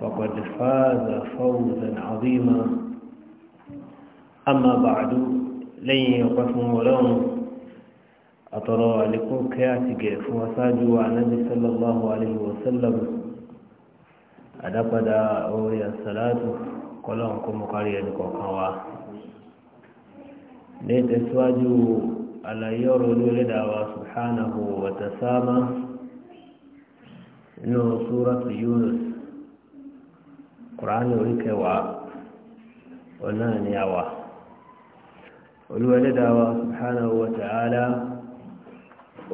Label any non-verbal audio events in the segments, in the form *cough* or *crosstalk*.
فقد فاز فوزا عظيما أما بعد لن يقفهم ولهم أترى لكم كاتك فوساجوا عن النبي صلى الله عليه وسلم أدقد أولي الصلاة قلهم كم قرية لكم لتسواجوا على يرد لدعوة سبحانه وتسامى إنه سورة يونس kùránì orí kẹwàá ọ̀nà ni a wà olúwẹ́lẹ́dàwà subhanahu wa ta'ala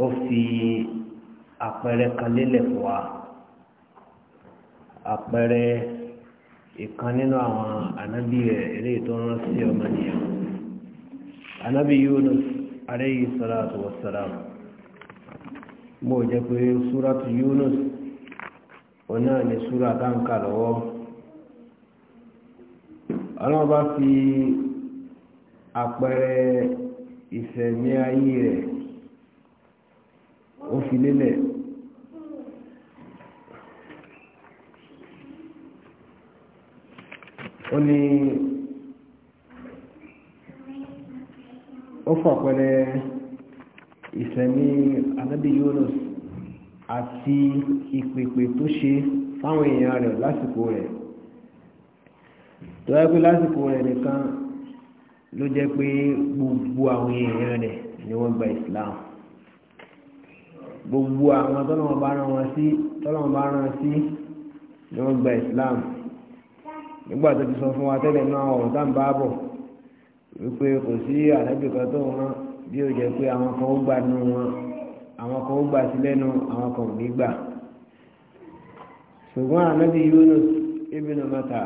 ó fi àpẹẹrẹ kan lélẹ̀ fún wa àpẹẹrẹ ìkan nínú àwọn ànábì rẹ̀ eré tó rán sí ọmọnìyàn ànábì Yunus alayhi salatu wassalam mo jẹ́ pé súratu Yunus ọ̀nà ni súra táǹkà lọ́wọ́ ọlọ́run bá fi àpẹẹrẹ ìsẹ̀mí ayé rẹ̀ ó fi lélẹ̀ ó ní ó fàpẹẹrẹ ìsẹ̀mí anábì Yunus àti ìpèpè tó ṣe fáwọn èèyàn rẹ̀ lásìkò rẹ̀ tó yẹ pé lásìkò rẹ̀ nìkan ló jẹ́ pé gbogbo àwọn èèyàn rẹ̀ ni wọ́n gba islam gbogbo àwọn tọ́lọ́wọ́n bá rán wọn sí tọ́lọ́wọ́n bá rán sí ni wọ́n gba islam nígbà tó ti sọ fún wa tẹ́lẹ̀ náà ọ̀rọ̀ tá à ń bá bọ̀ wípé kò sí àlẹ́bí kan tó wọn bí ó jẹ́ pé àwọn kan ó gbà nínú wọn àwọn kan ó gbà sí lẹ́nu àwọn kan ò ní gbà ṣùgbọ́n ànábì Yunus ibn Mata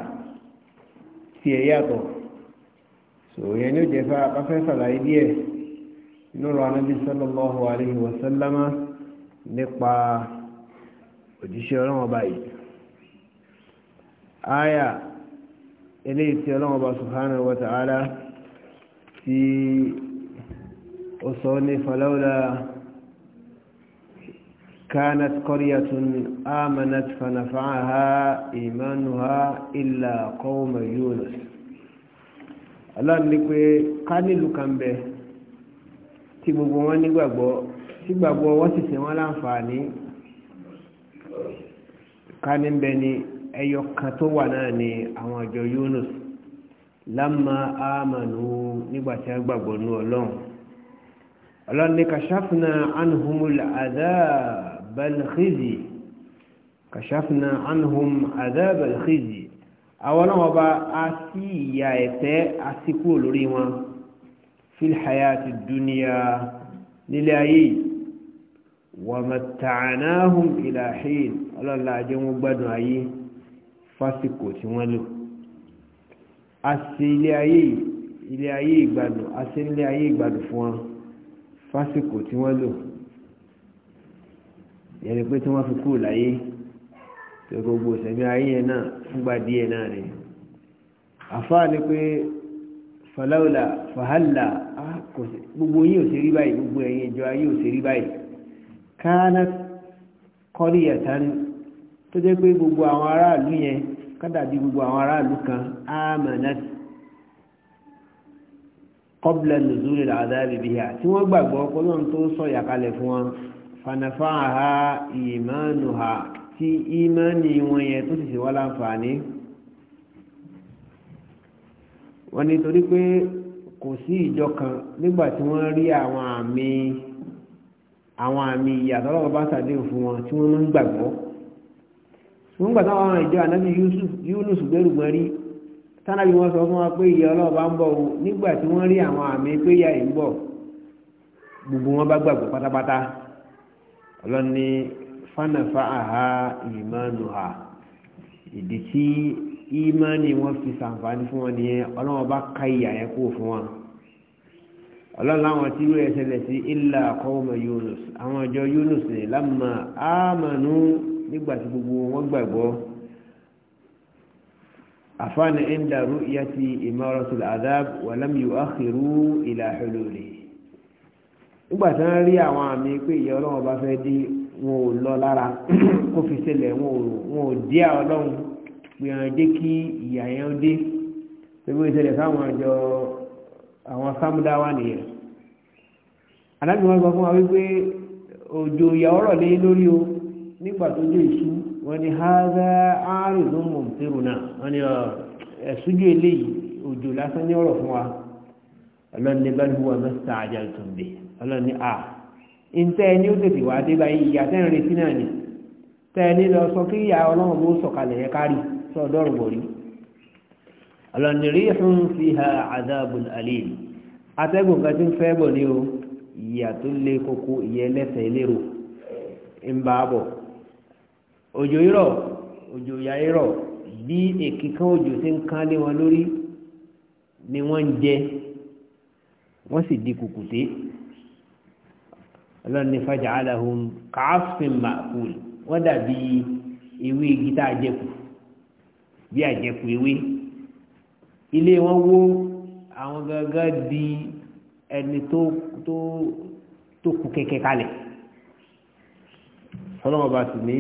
tiẹ̀ yàtọ̀ sòyẹn ní òjẹ̀fà afẹ́ sàlàyé díẹ̀ nínú ọ̀rọ̀ anábì sallallahu alayhi wa sallama nípa òjíṣẹ́ ọlọ́wọ́n ọba yìí aya eléyìí tí ọlọ́wọ́n ọba subhanahu wa ta'ala tí ó ní falawla. كانت قرية آمنت فنفعها إيمانها إلا قوم يونس Allah ní pé ká nílùú kan bẹ tí gbogbo wọn nígbàgbọ́ tí gbàgbọ́ wọn sì ṣe wọn láǹfààní ká ní bẹ ni ẹyọ kan tó wà náà ni àwọn àjọ Yunus lámà ámànú nígbà tí a gbàgbọ́ nú Ọlọ́run Allah ní kashafna anhumul adhab. بل خزي كشفنا عنهم عذاب الخزي أولا وبا أسي يايتي أسيكو لريما في الحياة الدنيا للايي ومتعناهم إلى حين الله لا جمو بدو أي فاسكو تمالو أسي لأيي ilé ayé ìgbádùn asínlé ayé ìgbádùn fún wọn fásìkò tí wọ́n lò yẹni pé tí wọ́n fi kú láyé tó gbogbo sẹ́mi ayé yẹn náà fúngbà díẹ̀ náà ni àfáà ni pé fàlàwùlà fàhálà gbogbo yín ò ṣe rí báyìí gbogbo ẹ̀yin ìjọ ayé ò ṣe rí báyìí káánà kọ́rí ẹ̀ta ni tó jẹ́ pé gbogbo àwọn aráàlú yẹn kádàbí gbogbo àwọn aráàlú kan ámànà kọ́bùlẹ̀ nùzúrẹ̀ làdáàbì bíyà tí wọ́n gbàgbọ́ ọpọlọ́run tó sọ ìyàkalẹ̀ fún wọn fanafaha ìmánuha tí ìmánì wọn yẹn tó sì ṣe wá láǹfààní wọ́n ní torí pé kò sí ìjọ kan nígbà tí wọ́n rí àwọn àmì àwọn àmì ìyàtọ̀ lọ́wọ́ bá ṣàdéhùn fún wọn tí wọ́n máa ń gbàgbọ́ wọ́n gbà táwọn ìjọ ànábì Yunus gbẹ́rùgbọ́n rí tánàbí wọ́n sọ fún wa pé ìyà Ọlọ́run bá ń bọ̀ o nígbà tí wọ́n rí àwọn àmì pé ìyà yìí ń bọ̀ gbogbo wọn bá gbàgbọ́ pátápátá ọlọ́ni fánàfà àhá ìmánu ha ìdí tí ìmáni wọn fi sàǹfààní fún wọn nìyẹn ọlọ́wọ́n bá ka ìyà yẹn kó fún wọn ọlọ́run láwọn tí wíwẹ̀ ṣẹlẹ̀ sí ilà kọ́ọ̀mọ̀ Yunus àwọn ọjọ́ Yunus ní lámà ámànú nígbà tí gbogbo wọn gbàgbọ́ àfáàní ẹ̀ńdàrú ìyá ti ìmọ̀ràn sílẹ̀ àdáàb wàlámù yóò áhìrú ìlà hululi nígbà tí wọ́n rí àwọn àmì pé ìyá ọlọ́run bá fẹ́ dé wọn ò lọ lára *clears throat* kó fi ṣẹlẹ̀ wọn ò dé ọlọ́run gbìyànjú dé kí ìyá yẹn dé gbogbo ìṣẹ̀lẹ̀ fáwọn àjọ àwọn sámúdáwá nìyẹn aláàbí wọn sọ fún wa wípé òjò ìyàwó rọ̀ lé lórí o nígbà tó dé ìṣú wọn ni haza aarò ló ń mọ̀ náà wọn ni ẹ̀ṣújú eléyìí òjò lásán ní ọ̀rọ̀ fún wa ọlọ́ni bá ní wọn bá sàájà tó ń bẹ̀ ọlọ́run a ntẹ́ ẹni ó tètè wá dé báyìí ìyá tẹ́ retí náà ni tẹ́ lọ sọ kí ìyá ọlọ́run bó sọ̀kalẹ̀ yẹ kárì sọ̀dọ́rùn bọ̀ rí rí fi ha azabun alim atẹ́gùn kan ti ń fẹ́ bọ̀ ni o ìyá tó koko ìyá ẹlẹ́sẹ̀ lérò ń bá bọ̀ òjò òjò ìyá bí òjò ti ń kán lé ọlọ́run ní fàjà aláhùn káfíń màkúl wọ́n dàbí ewé igi tá a jẹ́kù bí àjẹkù ewé ilé wọn wó àwọn gangan di ẹni tó tó tó kú kẹ̀kẹ́ kalẹ̀ ọlọ́run bá sì ní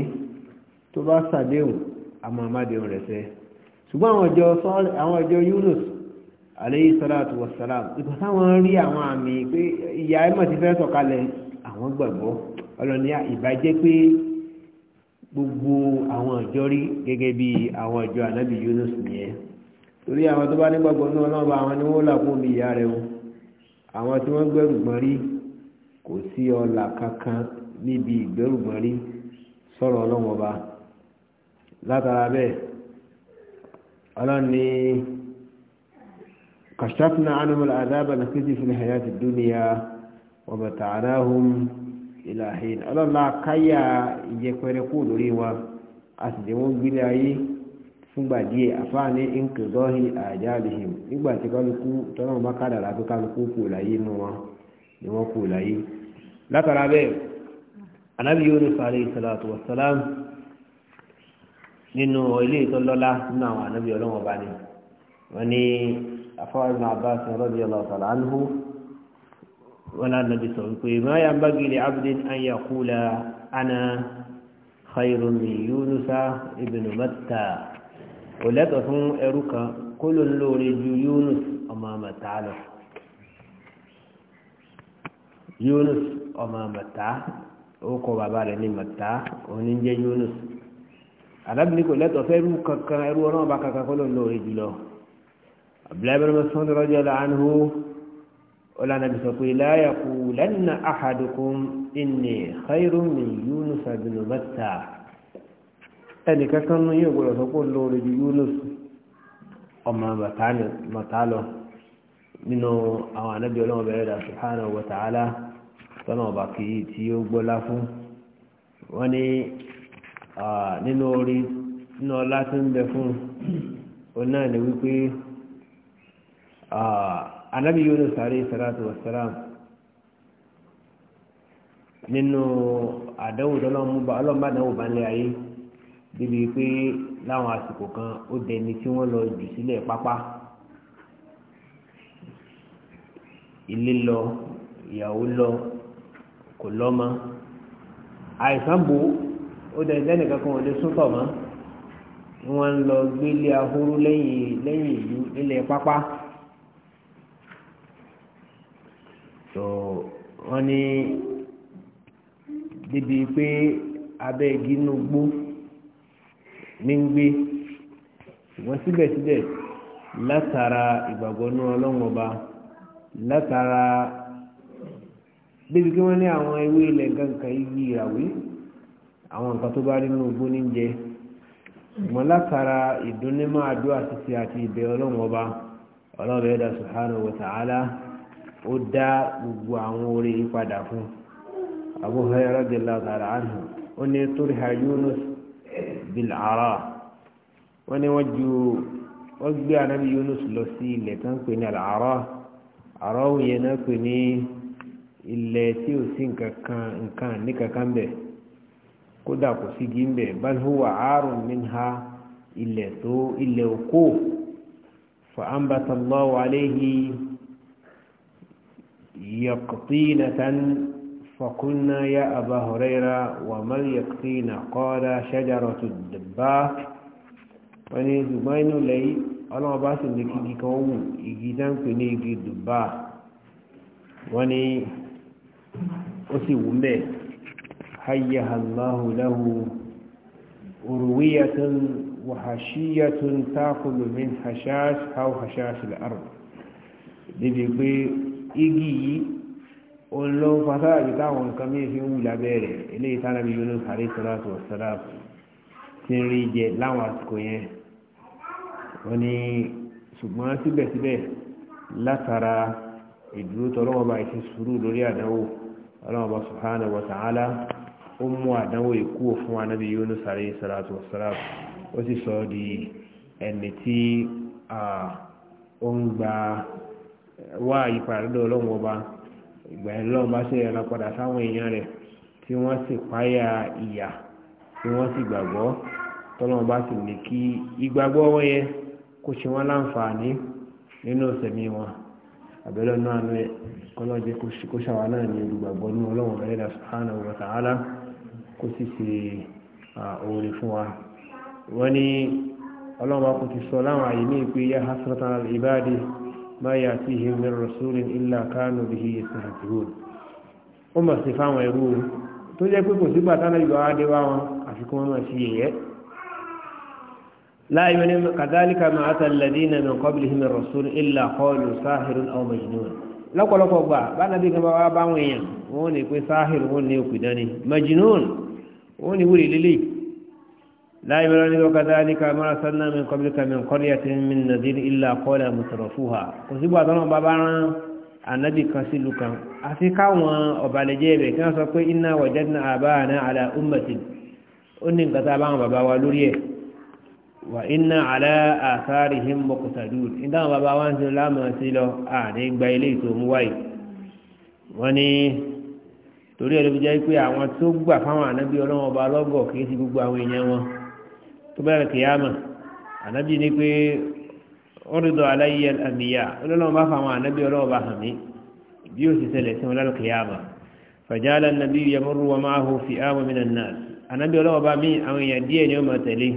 tó bá sàdéhùn àmọ́ àmàdéhùn rẹ̀ sẹ́ ṣùgbọ́n àwọn ọjọ́ sọ́ọ́lì àwọn ọjọ́ Yunus aleyhi salatu wa ìgbà táwọn rí àwọn àmì pé ìyá ẹ̀ ti fẹ́ sọ̀kalẹ̀ àwọn gbàgbọ́ ọlọ́ni ìbàjẹ́ pé gbogbo àwọn ọjọ́ rí gẹ́gẹ́ bí àwọn ọjọ́ ànábì Yunus nìyẹn torí àwọn tó bá nígbàgbọ́ náà náà bá àwọn ni wọ́n là fún omi ìyá rẹ̀ wọn àwọn tí wọ́n gbẹ́rù gbọ́n rí kò sí ọlà kankan níbi ìgbẹ́rù rí sọ̀rọ̀ ọlọ́wọ́n ọba látara bẹ́ẹ̀ ọlọ́ni kàṣáfínà anamọ̀lá adábà nàkìtì fún ìhàyà ومتعناهم إلى حين ألم لا كيا يكوركو دريوا أسدمون بلاي fúngbà díẹ̀ àfáàní ìǹkìdọ́hì àjálìhìm nígbà tí kálukú tọ́nà bá kádà láti kálukú kù láyé inú wọn ni wọ́n kù láyé látara bẹ́ẹ̀ anábì Yunus alayhi salatu wassalam nínú ilé ìtọ́lọ́lá nínú àwọn anábì ọlọ́wọ́n bá ní wọ́n ní afọ́wọ́n ibn Abbas radiyallahu ta'ala anhu wọn lánàá bí sọ wípé máyà ń bá gèlè abdin anya kúlà ana khairun min yunusa ibn matta kò lẹ́tọ̀ fún ẹrú kan kó ló ń lóore ju yunus ọmọ mẹ́ta lọ yunus ọmọ mẹ́ta ó kọ bàbá rẹ̀ ní mẹ́ta òun ní jẹ́ yunus alábìnrin kò lẹ́tọ̀ fẹ́ ẹrú kankan ẹrú ọlọ́ọ̀bá kankan kó ló ń lóore jùlọ abdullahi bin mas'ud radiyallahu anhu ọlànàbì sọ pé láyàkú lẹ́nà àhàdùkún ìní khairu min yunus abinu mẹ́ta ẹnìkankan ní yóò gbọdọ̀ sọ pé lórí ju yunus ọmọ mẹ́ta lọ nínú àwọn ànábì ọlọ́wọ́ bẹ̀rẹ̀ dà subhanahu wa ta'ala tọ́nà ọba kì í tí ó gbọ́lá fún wọ́n ní nínú orí nínú ọlá tí ń bẹ fún un náà ni wípé anabi yunus alayhi salatu wa salam nínú àdánwò ọlọ́mọba àdánwò bá ń lé ayé débi pé láwọn àsìkò kan ó dẹni tí wọ́n lọ jù sílẹ̀ pápá ilé lọ ìyàwó lọ kò lọ́mọ àìsàn bò ó dẹni dẹ́nì kankan ò lè súntọ̀ mọ́ wọ́n lọ gbélé ahoro lẹ́yìn lẹ́yìn ìlú nílẹ̀ pápá. so wọ́n ní débi pé abẹ́ igi inú gbó ní ń gbé ṣùgbọ́n síbẹ̀síbẹ̀ látara ìgbàgbọ́ ní ọlọ́run ọba látara débi kí wọ́n ní àwọn ewé ilẹ̀ gankan igi ìràwé àwọn nǹkan tó bá rí inú gbó ní jẹ ṣùgbọ́n látara ìdúnnímọ̀ àdúrà ó dá gbogbo àwọn orí padà fún Abu Hurairah radiyallahu ta'ala anhu ó ní turiha Yunus bil ara wọ́n ní wọ́n ju wọ́n gbé anabi Yunus lọ sí ilẹ̀ kan pè ní al-ara ara òun yẹn náà pè ní ilẹ̀ tí ò sí nǹkan nǹkan ní kankan bẹ̀ kódà kò sí igi ń bẹ̀ aarun minha ilẹ̀ tó ilẹ̀ òkú fa ambatallahu alayhi. يقطينة فكنا يا أبا هريرة وما اليقطين قال شجرة الدباك wani zubainu lai ọlọ́wọ́ bá sì ní kíkí kan wù igi dáńpé ní igi dùbà wọ́n ni ó sì wù mẹ́ hayyahallahu lahu urwiyatun wa hashiyatun min hashash aw hashash al-ard pé igi yìí òun ló ń fa sáàbì táwọn nǹkan mí fi ń wù lábẹ́ rẹ̀ eléyìí tánàbí Yunus alayhi salatu wassalam ti ń rí jẹ láwọn àsìkò yẹn wọ́n ní ṣùgbọ́n síbẹ̀síbẹ̀ látara ìdúró tọ́lọ́wọ́ bá ṣe sùúrù lórí àdánwò ọlọ́wọ́ bá subhanahu wa ta'ala ó mú àdánwò ìkú fún anábì Yunus alayhi salatu wassalam ó sì sọ di ẹni tí ó ń gba wá àyípadà lọ́dọ̀ ọlọ́run ọba ìgbà yẹn lọ́run bá ṣe ẹran padà sáwọn èèyàn rẹ̀ tí wọ́n sì páyà ìyà tí wọ́n sì gbàgbọ́ tọ́lọ́run bá sì ní kí ìgbàgbọ́ wọn yẹn ṣe wọ́n láǹfààní nínú ìsẹ̀mí wọn àbẹ̀lẹ̀ náà ní kọ́lọ́jẹ́ kó náà ní olùgbàgbọ́ ní ọlọ́run kó sì ṣe òòrè fún wa wọ́n ní ọlọ́run bá kò ti sọ láwọn àyè ní ìpè yá hasratan ibadi ma ya'tihim min rasulin illa kanu bihi yastahzi'un ó mọ̀ sí fáwọn ẹrú o tó jẹ́ pé kò sígbà tánà ìlú adé wá wọn àfi kí wọ́n mọ̀ sí yẹ̀yẹ́ láì mẹ́ni kadhalika ma ata alladhina min qablihim min rasulin illa qalu sahirun aw majnun lọ́pọ̀lọpọ̀ gbà bánàbí bá wá báwọn pé sáhìrù wọ́n ní òkú dání majnun wọ́n ní wúrì lílì لا يبرر وكذلك ما أرسلنا من قبلك من قرية من نذير إلا قال مترفوها وسيبوا أدنوا بابانا النبي كسلوكا أفكا وبالجيبه كان سأقول إنا وجدنا آبانا على أمة أن كتابا بابا ولوريه وإنا على آثارهم مقتدون إن بابا وانسي لا مسيلو آني بايليتو مواي وني torí ẹ̀rọ ìjẹ́ pé àwọn tó gbà fáwọn ànábí ọlọ́wọ́ ọba lọ́gọ̀ kìí sí gbogbo àwọn èèyàn wọn tó bẹ̀rẹ̀ kìyàmà ànábì ní pé ọ̀rọ̀dọ̀ aláyé àmìyá ọlọ́run bá fáwọn ànábì ọlọ́run bá hàn mí bí ó sì ṣẹlẹ̀ sí wọn lálẹ́ kìyàmà fàjálà nàbí yamuru wa máa hù fi àwọn mi nàá ànábì ọlọ́run bá mí àwọn èèyàn díẹ̀ ni ó máa tẹ̀lé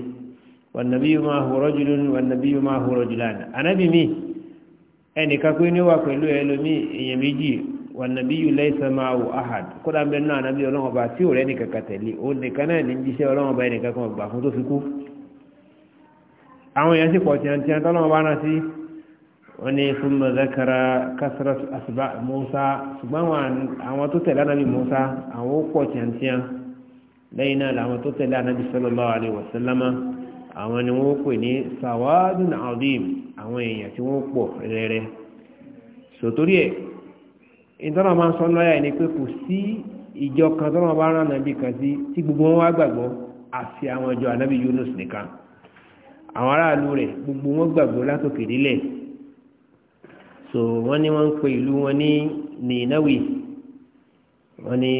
wọn nàbí yóò máa hù rọ́jùlún wọn nàbí yóò máa hù rọ́jùlán ànábì mi ẹnìkan pé ní wà pẹ̀lú ẹlòmí èèyàn méjì wà nàbí yìí lẹ́sẹ̀ máa wò ahad kódà ń bẹ nínú ànábì ọlọ́run ọba tí ò rẹ́ nìkan kan tẹ̀lé òun nìkan náà ní jíṣẹ́ ọlọ́run ọba ẹnìkan kan ọgbà fún tó fi kú àwọn èèyàn sì pọ̀ tiẹ̀ntìẹ̀ tọ́lọ́run ọba náà sí wọ́n ní fún mọ̀zákàrà kásárà àṣìbá Musa ṣùgbọ́n àwọn tó tẹ̀lé ànábì Musa àwọn ó pọ̀ tiẹ̀ntìẹ̀ lẹ́yìn náà làwọn tó tẹ̀lé ànábì sallallahu alaihi wasallama àwọn ni wọ́n pè ní sawadun azim àwọn èèyàn tí wọ́n pọ̀ rẹ́rẹ́ sòtórí ẹ̀ ìtọ́nà máa ń sọ lọ́yà ni pé kò sí ìjọ kan tọ́nà bá rán ànábì kan sí tí gbogbo wọn wá gbàgbọ́ àti àwọn ìjọ ànábì Yunus nìkan àwọn aráàlú rẹ̀ gbogbo wọn gbàgbọ́ látòkè délẹ̀ so wọ́n ní wọ́n ń pe ìlú wọn ní nìyínáwì wọ́n ní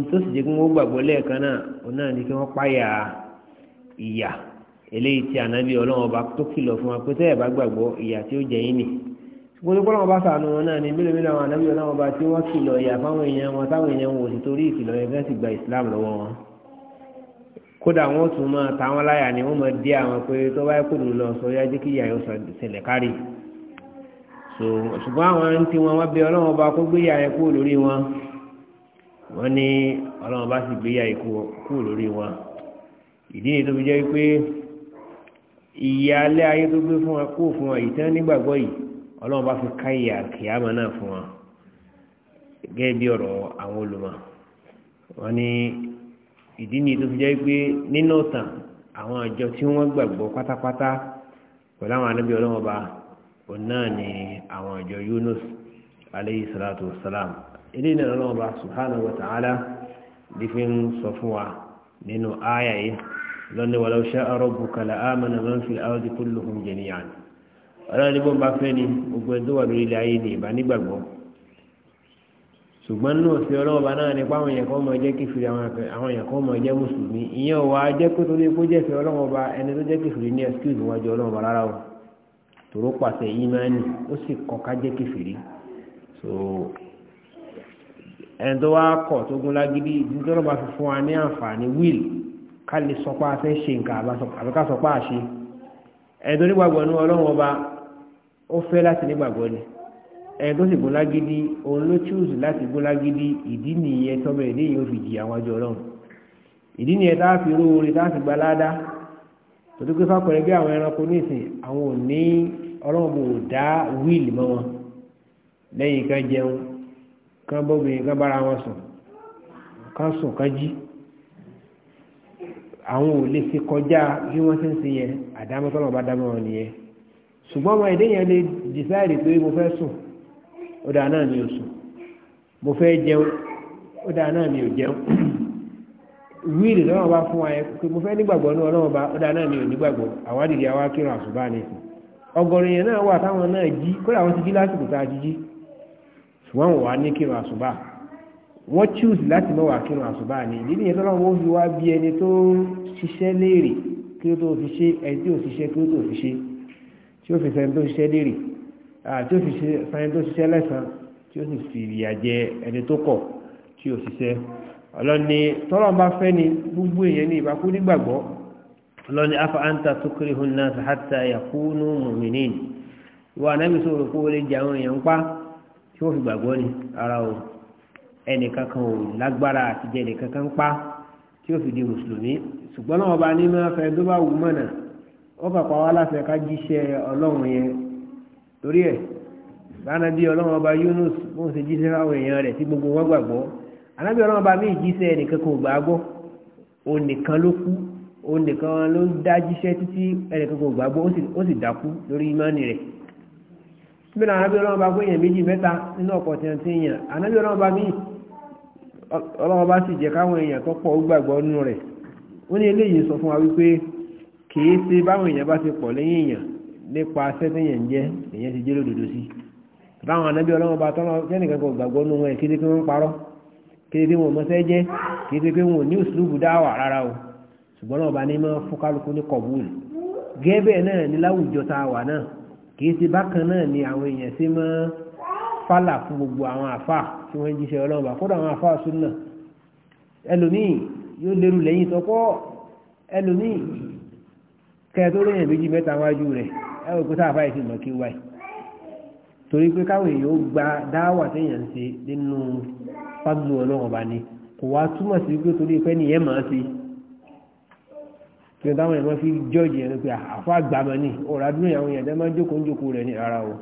ntòsí jẹ́ kí wọ́n gbàgbọ́ lẹ́ẹ̀kan náà wọn náà ní kí wọ́n páyà ìyà eléyìí tí ànábì ọlọ́wọ́n bá tó kìlọ̀ fún wa pé tẹ́ ẹ̀ bá gbàgbọ́ ìyà tí ó jẹ yín nìyí gbogbo pọ́lọ́mọ bá sànù wọn náà ni mélòó mélòó àwọn ànábì ọlọ́wọ́n bá tí wọ́n kìlọ̀ ìyà fáwọn èèyàn wọn táwọn èèyàn wọn ò torí ìkìlọ̀ yẹn fẹ́ẹ́ sì gba Islam lọ́wọ́ wọn kódà wọn tún máa ta wọn láyà ni wọn máa dí àwọn pé tó bá yẹ lọ sọ yá jẹ́ kí ìyá yóò ṣẹlẹ̀ so ṣùgbọ́n àwọn ń tí wọn wọ́n bẹ ọlọ́run ọba kó gbé ìyá yẹn kúrò lórí wọn wọ́n ní ọlọ́run ọba sì gbé ìyá yẹn kúrò lórí wọn ìdí ni tó fi jẹ́ pé ìyá alẹ́ ayé tó gbé fún wọn kó fún wọn ìtàn nígbàgbọ́ yìí ọlọ́run bá fi ká ìyà kìyàmà náà fún wa gẹ́gẹ́ bí ọ̀rọ̀ àwọn olùmọ̀ wọn ni ìdí ni tó fi jẹ́ pé nínú ọ̀tàn àwọn àjọ tí wọ́n gbàgbọ́ pátápátá pẹ̀lú àwọn anábì ọlọ́run ọba òun náà ni àwọn àjọ Yunus aleyhi salatu wa salam ilé ìnáwó ọlọ́run ọba subhanahu wa ta'ala bí fi ń sọ fún wa nínú ááyà yìí lọ́nà walau sha'a rabbuka la amana man fil ardi kulluhum jami'an ọlọ́run bó bá fẹ́ ni gbogbo ẹni tó wà lórí ilẹ̀ ayé ni ìbá nígbàgbọ́ ṣùgbọ́n nínú òfin ọlọ́run bá náà nípa àwọn èèyàn kan mọ̀ jẹ́ kẹfìrí àwọn èèyàn kan mọ̀ jẹ́ mùsùlùmí ìyẹn ò wá jẹ́ pé torí kó jẹ́ fi ọlọ́run ọba ẹni tó jẹ́ kẹfìrí ní excuse níwájú ọlọ́run ọba rárá o tòró pàṣẹ ìmánì ó sì kọ́ ká jẹ́ kẹfìrí so ẹni tó wá kọ̀ tó gún lágídí nítorí bá fi fún wa ní àǹfààní wíìlì ká lè sọpá fẹ́ ṣe nǹkan àbí sọpá àṣe ẹni tó nígbàgbọ́ ó fẹ́ láti nígbàgbọ́ ni ẹni tó sì gbólágídí òun ló chúùsù láti gbólágídí ìdí nìyẹn tọ́mọ ìdí yìí ó fi jì àwọn àjọ ọlọ́run ìdí nìyẹn tá a fi rú orin tá a fi gba ládá tòtú pé fákọrẹ bí àwọn ẹranko nísìn àwọn ò ní ọlọ́run bò dá wíìlì mọ́ wọn lẹ́yìn kan jẹun kan bóbìnrin kan bára wọn sùn kan sùn kan jí àwọn ò lè fi kọjá bí wọ́n ti ń ṣe yẹn àdámọ́tọ́lọ́ bá dámọ́ wọn nìyẹn ṣùgbọ́n ọmọ ẹ̀dẹ́ yẹn lè dìsáìdì pé mo fẹ́ sùn ó dáa náà mi ò sùn mo fẹ́ jẹun ó dáa náà mi ò jẹun wíìlì lọ́wọ́ bá fún wa yẹ pé mo fẹ́ nígbàgbọ́ ní ọlọ́wọ́ bá ó dáa náà mi ò nígbàgbọ́ àwádìí àwa kírun àṣùbá ni sùn ọgọ́rin yẹn náà wà táwọn náà jí kódà wọ́n ti jí lásìkò tá a ṣùgbọ́n wọ́n wá ní kírun àṣùbá wọ́n choose láti mọ́ wà kírun àṣùbá ni ìdí nìyẹn tó lọ́wọ́ fi wá bí ẹni tó ṣiṣẹ́ léèrè kí ó tó fi ṣe ẹni tí ò ṣiṣẹ́ kí ó tó fi ṣe tí ó fi sẹ́ni tó ṣiṣẹ́ lérè tí ó fi sẹ́ni tó ṣiṣẹ́ lẹ́sàn tí ó sì fi ìyà jẹ ẹni tó kọ̀ tí ó ṣiṣẹ́ ọlọ́ni tọ́lọ́ bá fẹ́ ni gbogbo èèyàn ní ìbákú nígbàgbọ́ ọlọ́ni afa anta tukiri hun náà sàhátà yakunu mùmìnín ìwà anábì sọ̀rọ̀ kó lè jẹ àwọn èèyàn pa tí wọ́n fi gbàgbọ́ ni ara o ẹnìkankan ò lágbára àtijẹ́ ẹnìkankan pa tí ó fi di mùsùlùmí ṣùgbọ́n náà ọba ní máa tó bá wù mọ́nà wọ́n kà pa wá láfẹ́ ká jíṣẹ́ ọlọ́run yẹn torí ẹ̀ báyọ̀ bí ọlọ́run ọba Yunus bó ń ṣe jíṣẹ́ fáwọn èèyàn rẹ̀ tí gbogbo wọn gbàgbọ́ anábì ọlọ́run ọba míì jíṣẹ́ ẹnìkan kò gbà á gbọ́ òun nìkan ló kú òun nìkan ló dá jíṣẹ́ títí ẹnìkan kò gbà á gbọ́ ó sì dákú lórí ìmánì rẹ̀ síbẹ̀ náà anábì ọlọ́run ọba gbé èèyàn méjì mẹ́ta nínú ọ̀pọ̀ tí wọ́n ti ń yàn anábì ọlọ́run ọba míì ọlọ́run ọba sì jẹ́ káwọn èèyàn tó pọ̀ ó gbàgbọ́ nínú rẹ̀ ó ní eléyìí sọ fún wa wípé kìí ṣe báwọn èèyàn bá ti pọ̀ lẹ́yìn èèyàn nípa sẹ́tẹ̀yàn jẹ́ èèyàn ti jẹ́ lódodo sí báwọn anábí ọlọ́run bá tọ́lọ́ sẹ́nìkan kò gbàgbọ́ nínú ẹ̀ kéde pé wọ́n parọ́ kéde pé wọn ò mọṣẹ́ jẹ́ kéde pé wọn ò ní òṣùlùbù dáwà rárá o ṣùgbọ́n náà bá ní máa fún ní kọ̀bùl gẹ́bẹ̀ náà ní láwùjọ tá a wà náà kìí ṣe bákan náà ni àwọn èèyàn ṣe máa fálà fún gbogbo àwọn àfà tí wọ́n jíṣẹ́ ọlọ́run bá kódà àwọn àfà súnà ẹlòmíì yóò lérú lẹ́yìn tọ́pọ́ ẹlòmíì kẹ́ẹ̀ tó méjì mẹ́ta wájú rẹ̀ ẹ wò pé sáfà yìí kí wáyé torí pé káwọn èèyàn gba dáwà téèyàn ṣe nínú fábùlù ọlọ́run ọba ni kò wá túmọ̀ sí pé torí pé nìyẹn máa ṣe kí n táwọn èèyàn fi jọ́ọ̀jì ẹni pé ah, àfọ àgbàmọ́ ni ọ̀rọ̀ adúlọ̀ àwọn èèyàn dẹ́ jókòó jókòó rẹ̀ ní ara o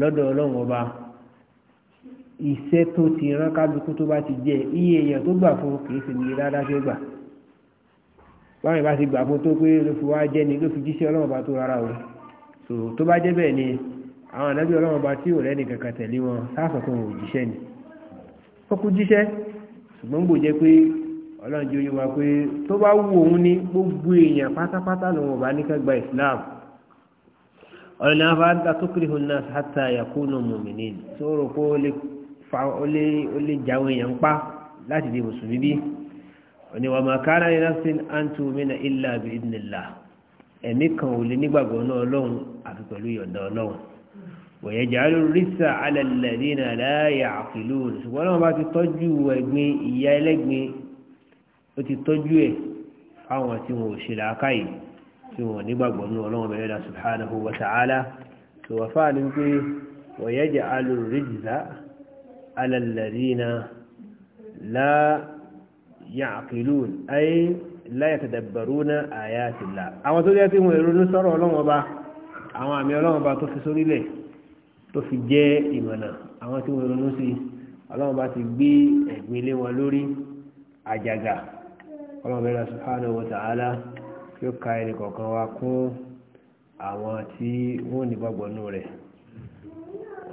lọ́dọ̀ ọlọ́run ọba iṣẹ́ tó ti rán kálukú tó bá ti jẹ iye èèyàn tó gbà fún kì í ṣe ní dáadáa fẹ́ gbà báwọn ìbá ti gbà fún tó pé ló fi wá jẹ́ ni ló fi jíṣẹ́ ọlọ́run ọba tó rárá o so tó bá jẹ́ bẹ́ẹ̀ ni àwọn ànábì ọlọ́run ọba tí ò lẹ́nì kankan tẹ̀lé wọn sáàsọ̀ fún òun òjíṣẹ́ ni ó kú jíṣẹ́ ṣùgbọ́n gbò jẹ́ pé ọlọ́run jẹ́ oyún wa pé tó bá wù òun ní òní wà máa kára ní nafsin antu mina illa bi idinillah ẹ̀mí kan ò lè nígbàgbọ́ náà ọlọ́run àfi pẹ̀lú yọ̀ǹda ọlọ́run wòye jàdú rísà alẹ́lẹ́dínà láàyè àkìlú ṣùgbọ́n náà bá ti tọ́jú ẹ̀gbin ìyá ẹlẹ́gbin ó ti tọ́jú ẹ̀ fáwọn tí wọn ò ṣe làákàyè tí wọn nígbàgbọ́ nínú ọlọ́run bẹ̀rẹ̀ dà subhanahu wa ta'ala tó wà fáà ní pé wòye jàdú rísà alẹ́lẹ́dínà láàyè ya'qilun ay la yatadabbaruna ayati Allah àwọn tó jẹ́ tí wọ́n ronú sọ̀rọ̀ ọlọ́run ọba àwọn àmì ọlọ́run ọba tó fi sórílẹ̀ tó fi jẹ́ ìmọ̀nà àwọn tí wọ́n ronú sí ọlọ́run ọba ti gbé ẹ̀gbin lé wọn lórí àjàgà ọlọ́run bẹ̀rẹ̀ subhanahu wa ta'ala kí ó ka ẹnì kọ̀ọ̀kan wa kún àwọn tí wọ́n ní gbàgbọ́nú rẹ̀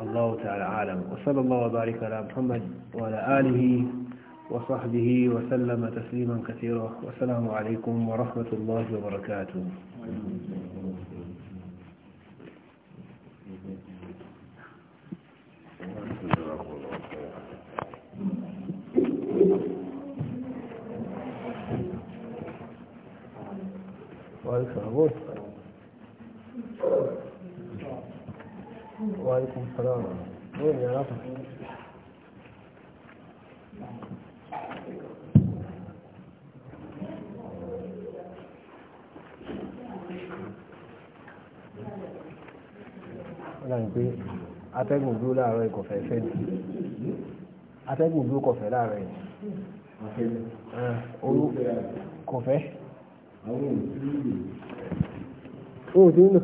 الله تعالى عالم وصلى الله وبارك على محمد وعلى آله وصحبه وسلم تسليما كثيرا والسلام عليكم ورحمة الله وبركاته وعليكم السلام وعليكم السلام وين يا رفا láì pé atẹ́gùn dúró láàárọ̀ ìkọ̀fẹ́ fẹ́ ni atẹ́gùn dúró kọ̀fẹ́ láàárọ̀ yìí olú kọ̀fẹ́. ó ti ń lò.